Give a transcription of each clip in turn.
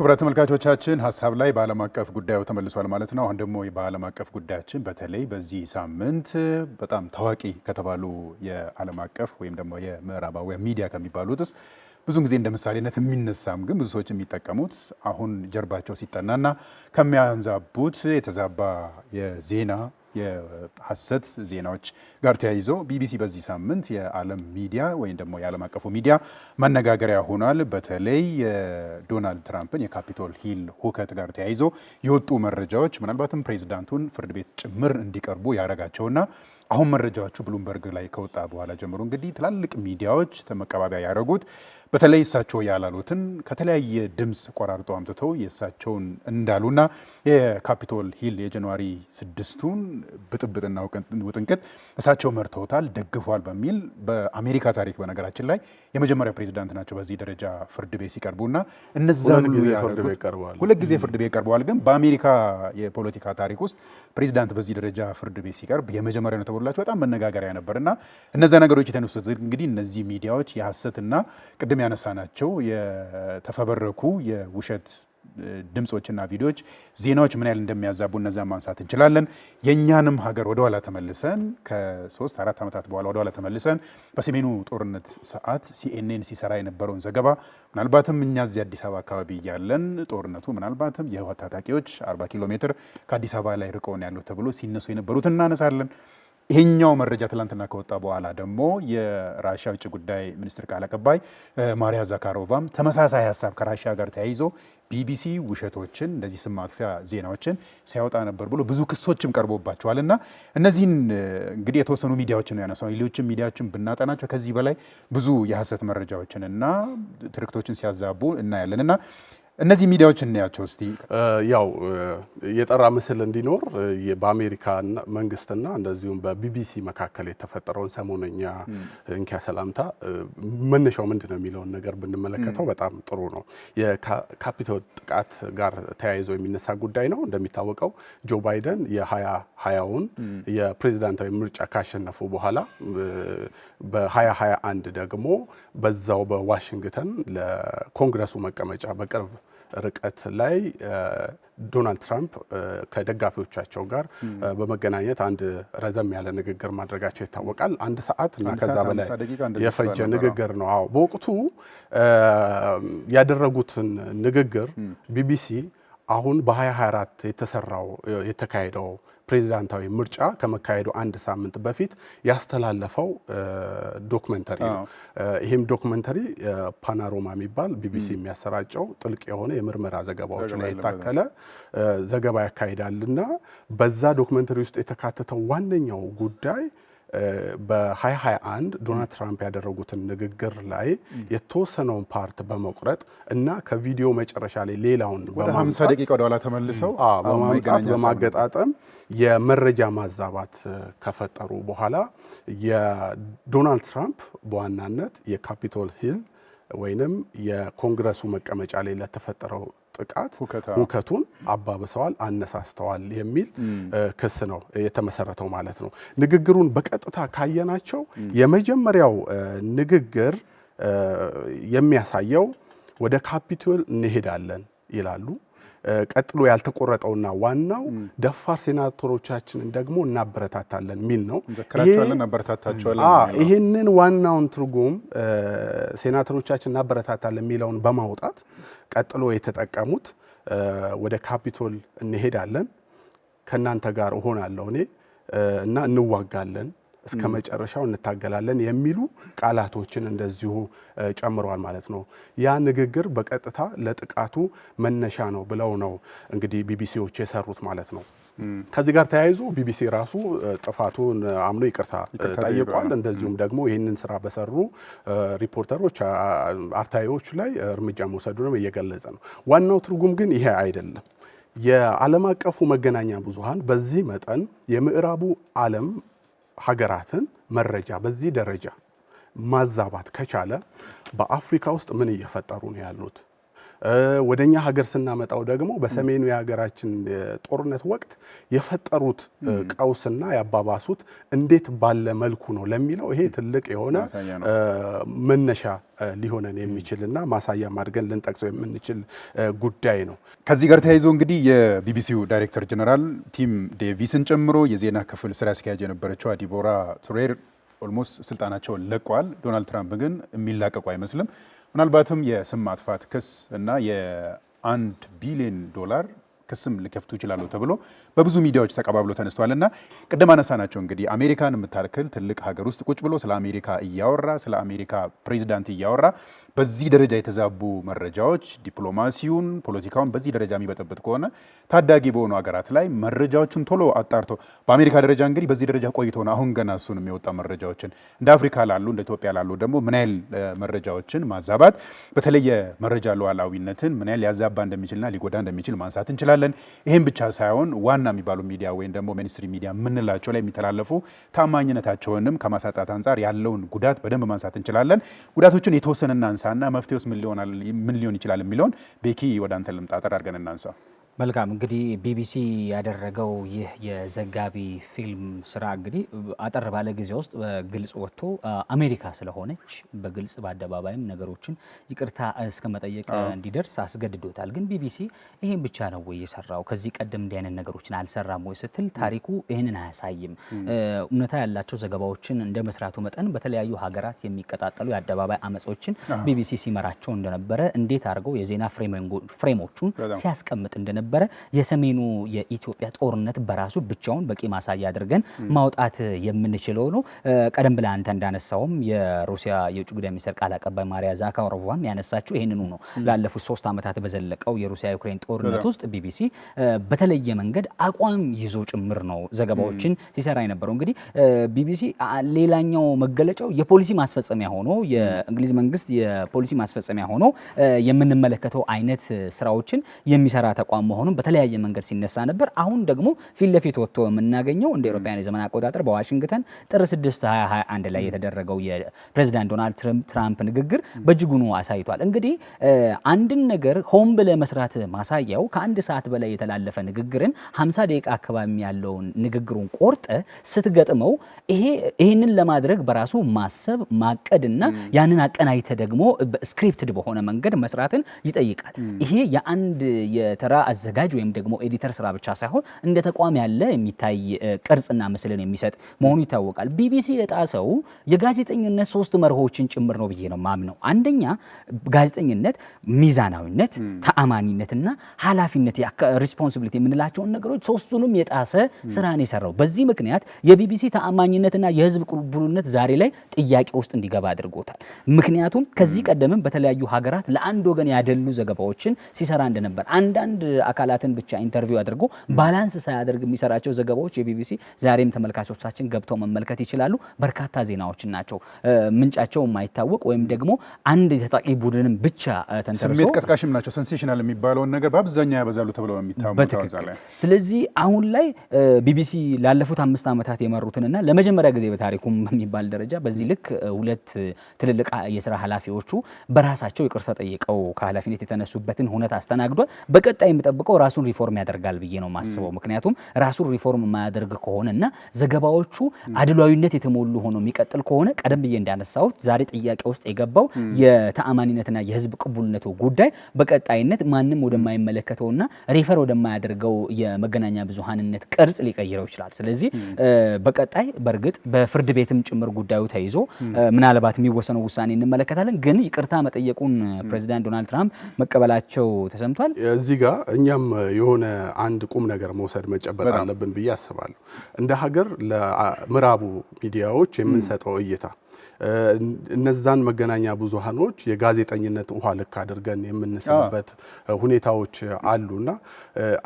ክቡራት ተመልካቾቻችን ሀሳብ ላይ በዓለም አቀፍ ጉዳዩ ተመልሷል ማለት ነው። አሁን ደግሞ በዓለም አቀፍ ጉዳያችን በተለይ በዚህ ሳምንት በጣም ታዋቂ ከተባሉ የዓለም አቀፍ ወይም ደግሞ የምዕራባውያን ሚዲያ ከሚባሉት ውስጥ ብዙን ጊዜ እንደ ምሳሌነት የሚነሳም ግን ብዙ ሰዎች የሚጠቀሙት አሁን ጀርባቸው ሲጠናና ከሚያንዛቡት የተዛባ የዜና የሐሰት ዜናዎች ጋር ተያይዞ ቢቢሲ በዚህ ሳምንት የዓለም ሚዲያ ወይም ደግሞ የዓለም አቀፉ ሚዲያ መነጋገሪያ ሆኗል። በተለይ የዶናልድ ትራምፕን የካፒቶል ሂል ሁከት ጋር ተያይዞ የወጡ መረጃዎች ምናልባትም ፕሬዚዳንቱን ፍርድ ቤት ጭምር እንዲቀርቡ ያደረጋቸውና አሁን መረጃዎቹ ብሉምበርግ ላይ ከወጣ በኋላ ጀምሮ እንግዲህ ትላልቅ ሚዲያዎች ተመቀባቢያ ያደረጉት በተለይ እሳቸው ያላሉትን ከተለያየ ድምፅ ቆራርጦ አምጥተው የእሳቸውን እንዳሉና የካፒቶል ሂል የጃንዋሪ ስድስቱን ብጥብጥና ውጥንቅጥ እሳቸው መርተውታል፣ ደግፏል በሚል በአሜሪካ ታሪክ በነገራችን ላይ የመጀመሪያ ፕሬዚዳንት ናቸው በዚህ ደረጃ ፍርድ ቤት ሲቀርቡና እነዛ ሁለት ጊዜ ፍርድ ቤት ቀርበዋል። ግን በአሜሪካ የፖለቲካ ታሪክ ውስጥ ፕሬዚዳንት በዚህ ደረጃ ፍርድ ቤት ሲቀርብ የመጀመሪያ ነው ተብሎላቸው በጣም መነጋገሪያ ነበርና እነዛ ነገሮች የተነሱት እንግዲህ እነዚህ ሚዲያዎች የሀሰትና ቅድም ቅድም ናቸው የተፈበረኩ የውሸት ድምፆችና ቪዲዮዎች፣ ዜናዎች ምን ያህል እንደሚያዛቡ እነዚ ማንሳት እንችላለን። የእኛንም ሀገር ወደኋላ ተመልሰን ከሶስት አራት ዓመታት በኋላ ወደኋላ ተመልሰን በሰሜኑ ጦርነት ሰዓት ሲኤንኤን ሲሰራ የነበረውን ዘገባ ምናልባትም እኛ እዚህ አዲስ አበባ አካባቢ እያለን ጦርነቱ ምናልባትም የህወሓት ታጣቂዎች 40 ኪሎ ሜትር ከአዲስ አበባ ላይ ርቀውን ያሉት ተብሎ ሲነሱ የነበሩት እናነሳለን። ይሄኛው መረጃ ትላንትና ከወጣ በኋላ ደግሞ የራሽያ ውጭ ጉዳይ ሚኒስትር ቃል አቀባይ ማሪያ ዛካሮቫም ተመሳሳይ ሀሳብ ከራሽያ ጋር ተያይዞ ቢቢሲ ውሸቶችን እንደዚህ ስም ማጥፊያ ዜናዎችን ሲያወጣ ነበር ብሎ ብዙ ክሶችም ቀርቦባቸዋል እና እነዚህን እንግዲህ የተወሰኑ ሚዲያዎችን ነው ያነሳው። ሌሎችም ሚዲያዎችን ብናጠናቸው ከዚህ በላይ ብዙ የሀሰት መረጃዎችን እና ትርክቶችን ሲያዛቡ እናያለን እና እነዚህ ሚዲያዎች እናያቸው እስቲ። ያው የጠራ ምስል እንዲኖር በአሜሪካ መንግስትና እንደዚሁም በቢቢሲ መካከል የተፈጠረውን ሰሞነኛ እንኪያ ሰላምታ መነሻው ምንድን ነው የሚለውን ነገር ብንመለከተው በጣም ጥሩ ነው። የካፒታል ጥቃት ጋር ተያይዞ የሚነሳ ጉዳይ ነው። እንደሚታወቀው ጆ ባይደን የሀያ ሀያውን የፕሬዚዳንታዊ ምርጫ ካሸነፉ በኋላ በሀያ ሀያ አንድ ደግሞ በዛው በዋሽንግተን ለኮንግረሱ መቀመጫ በቅርብ ርቀት ላይ ዶናልድ ትራምፕ ከደጋፊዎቻቸው ጋር በመገናኘት አንድ ረዘም ያለ ንግግር ማድረጋቸው ይታወቃል። አንድ ሰዓት እና ከዛ በላይ የፈጀ ንግግር ነው። አዎ በወቅቱ ያደረጉትን ንግግር ቢቢሲ አሁን በ2024 የተሰራው የተካሄደው ፕሬዚዳንታዊ ምርጫ ከመካሄዱ አንድ ሳምንት በፊት ያስተላለፈው ዶክመንተሪ ነው። ይህም ዶክመንተሪ ፓናሮማ የሚባል ቢቢሲ የሚያሰራጨው ጥልቅ የሆነ የምርመራ ዘገባዎች ላይ የታከለ ዘገባ ያካሂዳልና በዛ ዶክመንተሪ ውስጥ የተካተተው ዋነኛው ጉዳይ በ2021 ዶናልድ ትራምፕ ያደረጉትን ንግግር ላይ የተወሰነውን ፓርት በመቁረጥ እና ከቪዲዮ መጨረሻ ላይ ሌላውን ወደኋላ ተመልሰው በማምጣት በማገጣጠም የመረጃ ማዛባት ከፈጠሩ በኋላ የዶናልድ ትራምፕ በዋናነት የካፒቶል ሂል ወይንም የኮንግረሱ መቀመጫ ላይ ለተፈጠረው ጥቃት ሁከቱን አባብሰዋል፣ አነሳስተዋል የሚል ክስ ነው የተመሰረተው ማለት ነው። ንግግሩን በቀጥታ ካየናቸው የመጀመሪያው ንግግር የሚያሳየው ወደ ካፒቶል እንሄዳለን ይላሉ። ቀጥሎ ያልተቆረጠውና ዋናው ደፋር ሴናተሮቻችንን ደግሞ እናበረታታለን የሚል ነው። ይህንን ዋናውን ትርጉም ሴናተሮቻችን እናበረታታለን የሚለውን በማውጣት ቀጥሎ የተጠቀሙት ወደ ካፒቶል እንሄዳለን፣ ከእናንተ ጋር እሆናለሁ እኔ እና እንዋጋለን እስከ መጨረሻው እንታገላለን የሚሉ ቃላቶችን እንደዚሁ ጨምረዋል ማለት ነው። ያ ንግግር በቀጥታ ለጥቃቱ መነሻ ነው ብለው ነው እንግዲህ ቢቢሲዎች የሰሩት ማለት ነው። ከዚህ ጋር ተያይዞ ቢቢሲ ራሱ ጥፋቱን አምኖ ይቅርታ ጠይቋል። እንደዚሁም ደግሞ ይህንን ስራ በሰሩ ሪፖርተሮች፣ አርታዎች ላይ እርምጃ መውሰዱንም እየገለጸ ነው። ዋናው ትርጉም ግን ይሄ አይደለም። የዓለም አቀፉ መገናኛ ብዙሃን በዚህ መጠን የምዕራቡ ዓለም ሀገራትን መረጃ በዚህ ደረጃ ማዛባት ከቻለ በአፍሪካ ውስጥ ምን እየፈጠሩ ነው ያሉት ወደኛ ሀገር ስናመጣው ደግሞ በሰሜኑ የሀገራችን ጦርነት ወቅት የፈጠሩት ቀውስና ያባባሱት እንዴት ባለ መልኩ ነው ለሚለው ይሄ ትልቅ የሆነ መነሻ ሊሆነን የሚችልና ማሳያም አድርገን ልንጠቅሰው የምንችል ጉዳይ ነው። ከዚህ ጋር ተያይዞ እንግዲህ የቢቢሲው ዳይሬክተር ጀነራል ቲም ዴቪስን ጨምሮ የዜና ክፍል ስራ አስኪያጅ የነበረችው ዲቦራ ቱሬር ኦልሞስት ስልጣናቸውን ለቀዋል። ዶናልድ ትራምፕ ግን የሚላቀቁ አይመስልም። ምናልባትም የስም ማጥፋት ክስ እና የአንድ ቢሊዮን ዶላር ክስም ሊከፍቱ ይችላሉ ተብሎ በብዙ ሚዲያዎች ተቀባብሎ ተነስተዋል እና ቅድም አነሳ ናቸው እንግዲህ አሜሪካን የምታክል ትልቅ ሀገር ውስጥ ቁጭ ብሎ ስለ አሜሪካ እያወራ ስለ አሜሪካ ፕሬዚዳንት እያወራ በዚህ ደረጃ የተዛቡ መረጃዎች ዲፕሎማሲውን፣ ፖለቲካውን በዚህ ደረጃ የሚበጠበት ከሆነ ታዳጊ በሆኑ ሀገራት ላይ መረጃዎችን ቶሎ አጣርቶ በአሜሪካ ደረጃ እንግዲህ በዚህ ደረጃ ቆይቶ ነው አሁን ገና እሱን የሚወጣ መረጃዎችን እንደ አፍሪካ ላሉ እንደ ኢትዮጵያ ላሉ ደግሞ ምን ያህል መረጃዎችን ማዛባት በተለየ መረጃ ሉዓላዊነትን ምን ያህል ሊያዛባ እንደሚችልና ሊጎዳ እንደሚችል ማንሳት እንችላለን። ይህም ብቻ ሳይሆን ዋና የሚባሉ ሚዲያ ወይም ደግሞ ሚኒስትሪ ሚዲያ የምንላቸው ላይ የሚተላለፉ ታማኝነታቸውንም ከማሳጣት አንጻር ያለውን ጉዳት በደንብ ማንሳት እንችላለን። ጉዳቶችን የተወሰነና አንሳ መፍትሄ ውስጥ ምን ሊሆን ይችላል የሚለውን ቤኪ ወደ አንተ ልምጣ፣ አድርገን እናንሳው። መልካም እንግዲህ ቢቢሲ ያደረገው ይህ የዘጋቢ ፊልም ስራ እንግዲህ አጠር ባለ ጊዜ ውስጥ በግልጽ ወጥቶ አሜሪካ ስለሆነች በግልጽ በአደባባይም ነገሮችን ይቅርታ እስከ መጠየቅ እንዲደርስ አስገድዶታል። ግን ቢቢሲ ይህን ብቻ ነው ወይ የሰራው? ከዚህ ቀደም እንዲህ አይነት ነገሮችን አልሰራም ወይ ስትል ታሪኩ ይህንን አያሳይም። እውነታ ያላቸው ዘገባዎችን እንደ መስራቱ መጠን በተለያዩ ሀገራት የሚቀጣጠሉ የአደባባይ አመጾችን ቢቢሲ ሲመራቸው እንደነበረ እንዴት አድርገው የዜና ፍሬሞቹን ሲያስቀምጥ እንደነበረ ነበረ። የሰሜኑ የኢትዮጵያ ጦርነት በራሱ ብቻውን በቂ ማሳያ አድርገን ማውጣት የምንችለው ነው። ቀደም ብለህ አንተ እንዳነሳውም የሩሲያ የውጭ ጉዳይ ሚኒስትር ቃል አቀባይ ማሪያ ዛካሮቫም ያነሳችው ይህንኑ ነው። ላለፉት ሶስት ዓመታት በዘለቀው የሩሲያ ዩክሬን ጦርነት ውስጥ ቢቢሲ በተለየ መንገድ አቋም ይዞ ጭምር ነው ዘገባዎችን ሲሰራ የነበረው። እንግዲህ ቢቢሲ ሌላኛው መገለጫው የፖሊሲ ማስፈጸሚያ ሆኖ የእንግሊዝ መንግስት የፖሊሲ ማስፈጸሚያ ሆኖ የምንመለከተው አይነት ስራዎችን የሚሰራ ተቋም መሆኑን በተለያየ መንገድ ሲነሳ ነበር። አሁን ደግሞ ፊት ለፊት ወጥቶ የምናገኘው እንደ ኤሮፓያን የዘመን አቆጣጠር በዋሽንግተን ጥር 6 2021 ላይ የተደረገው የፕሬዚዳንት ዶናልድ ትራምፕ ንግግር በእጅጉኑ አሳይቷል። እንግዲህ አንድን ነገር ሆን ብለ መስራት ማሳያው ከአንድ ሰዓት በላይ የተላለፈ ንግግርን 50 ደቂቃ አካባቢ ያለውን ንግግሩን ቆርጠ ስትገጥመው ይህንን ለማድረግ በራሱ ማሰብ ማቀድና ያንን አቀናይተ ደግሞ ስክሪፕትድ በሆነ መንገድ መስራትን ይጠይቃል። ይሄ የአንድ የተራ አዘ አዘጋጅ ወይም ደግሞ ኤዲተር ስራ ብቻ ሳይሆን እንደ ተቋም ያለ የሚታይ ቅርጽና ምስልን የሚሰጥ መሆኑ ይታወቃል። ቢቢሲ የጣሰው የጋዜጠኝነት ሶስት መርሆችን ጭምር ነው ብዬ ነው ማምነው። አንደኛ ጋዜጠኝነት ሚዛናዊነት፣ ተአማኒነትና ኃላፊነት ሪስፖንሲቢሊቲ የምንላቸውን ነገሮች ሶስቱንም የጣሰ ስራ ነው የሰራው። በዚህ ምክንያት የቢቢሲ ተአማኝነትና የህዝብ ቅቡልነት ዛሬ ላይ ጥያቄ ውስጥ እንዲገባ አድርጎታል። ምክንያቱም ከዚህ ቀደምም በተለያዩ ሀገራት ለአንድ ወገን ያደሉ ዘገባዎችን ሲሰራ እንደነበር አንዳንድ አካላትን ብቻ ኢንተርቪው አድርጎ ባላንስ ሳያደርግ የሚሰራቸው ዘገባዎች የቢቢሲ ዛሬም ተመልካቾቻችን ገብተው መመልከት ይችላሉ። በርካታ ዜናዎችን ናቸው ምንጫቸው የማይታወቅ ወይም ደግሞ አንድ የታጣቂ ቡድንም ብቻ ተንተርሶ ስሜት ቀስቃሽም ናቸው። ሴንሴሽናል የሚባለውን ነገር በአብዛኛው ያበዛሉ ተብለው በትክክል። ስለዚህ አሁን ላይ ቢቢሲ ላለፉት አምስት ዓመታት የመሩትንና ለመጀመሪያ ጊዜ በታሪኩም በሚባል ደረጃ በዚህ ልክ ሁለት ትልልቅ የስራ ኃላፊዎቹ በራሳቸው ይቅርታ ጠይቀው ከኃላፊነት የተነሱበትን ሁነት አስተናግዷል። በቀጣይ የሚጠብቀው ራሱን ሪፎርም ያደርጋል ብዬ ነው የማስበው። ምክንያቱም ራሱን ሪፎርም የማያደርግ ከሆነ እና ዘገባዎቹ አድሏዊነት የተሞሉ ሆኖ የሚቀጥል ከሆነ ቀደም ብዬ እንዳነሳሁት ዛሬ ጥያቄ ውስጥ የገባው የተአማኒነትና የህዝብ ቅቡልነቱ ጉዳይ በቀጣይነት ማንም ወደማይመለከተውና ሪፈር ወደማያደርገው የመገናኛ ብዙሃንነት ቅርጽ ሊቀይረው ይችላል። ስለዚህ በቀጣይ በእርግጥ በፍርድ ቤትም ጭምር ጉዳዩ ተይዞ ምናልባት የሚወሰነው ውሳኔ እንመለከታለን። ግን ይቅርታ መጠየቁን ፕሬዚዳንት ዶናልድ ትራምፕ መቀበላቸው ተሰምቷል። እዚህ ጋር እኛም የሆነ አንድ ቁም ነገር መውሰድ መጨበጥ አለብን ብዬ አስባለሁ። እንደ ሀገር ለምዕራቡ ሚዲያዎች የምንሰጠው እይታ እነዛን መገናኛ ብዙሃኖች የጋዜጠኝነት ውሃ ልክ አድርገን የምንስበት ሁኔታዎች አሉና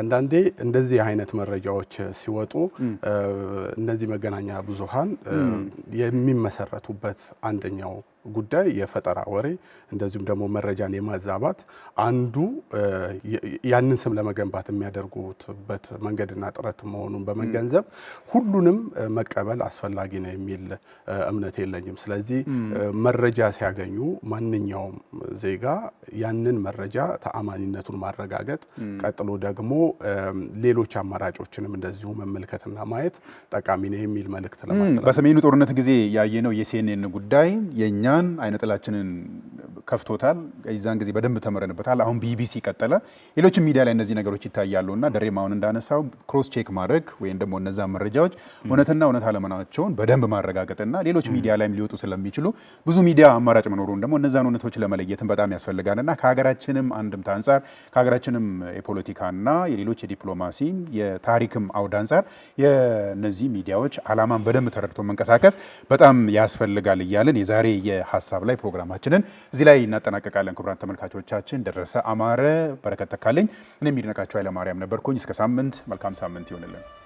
አንዳንዴ እንደዚህ አይነት መረጃዎች ሲወጡ እነዚህ መገናኛ ብዙሃን የሚመሰረቱበት አንደኛው ጉዳይ የፈጠራ ወሬ እንደዚሁም ደግሞ መረጃን የማዛባት አንዱ ያንን ስም ለመገንባት የሚያደርጉበት መንገድና ጥረት መሆኑን በመገንዘብ ሁሉንም መቀበል አስፈላጊ ነው የሚል እምነት የለኝም። ስለዚህ መረጃ ሲያገኙ ማንኛውም ዜጋ ያንን መረጃ ተአማኒነቱን ማረጋገጥ፣ ቀጥሎ ደግሞ ሌሎች አማራጮችንም እንደዚሁ መመልከትና ማየት ጠቃሚ ነው የሚል መልእክት ለማስተላለፍ በሰሜኑ ጦርነት ጊዜ ያየነው የሴኔን ጉዳይ የእኛ አይነ አይነጥላችንን ከፍቶታል። የዛን ጊዜ በደንብ ተምረንበታል። አሁን ቢቢሲ ቀጠለ፣ ሌሎችም ሚዲያ ላይ እነዚህ ነገሮች ይታያሉ እና ደሬም አሁን እንዳነሳው ክሮስ ቼክ ማድረግ ወይም ደግሞ እነዛ መረጃዎች እውነትና እውነት አለመናቸውን በደንብ ማረጋገጥና ሌሎች ሚዲያ ላይም ሊወጡ ስለሚችሉ ብዙ ሚዲያ አማራጭ መኖሩን ደግሞ እነዛን እውነቶች ለመለየትን በጣም ያስፈልጋል እና ከሀገራችንም አንድምታ አንጻር ከሀገራችንም የፖለቲካና የሌሎች የዲፕሎማሲ የታሪክም አውድ አንጻር የእነዚህ ሚዲያዎች አላማን በደንብ ተረድቶ መንቀሳቀስ በጣም ያስፈልጋል እያልን የዛሬ የሀሳብ ላይ ፕሮግራማችንን እዚህ ላይ ላይ እናጠናቀቃለን። ክቡራን ተመልካቾቻችን ደረሰ አማረ፣ በረከት ተካለኝ፣ እኔ የሚድነቃቸው ኃይለማርያም ነበርኩኝ። እስከ ሳምንት መልካም ሳምንት ይሆንልን።